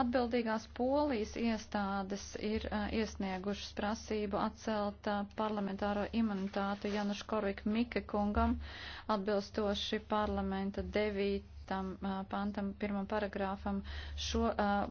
Atbildīgās polijas iestādes ir uh, iesniegušas prasību atcelt uh, parlamentāro imunitātu Januš Korvik Mike kungam atbilstoši parlamenta devītam uh, pantam pirmam paragrāfam šo. Uh,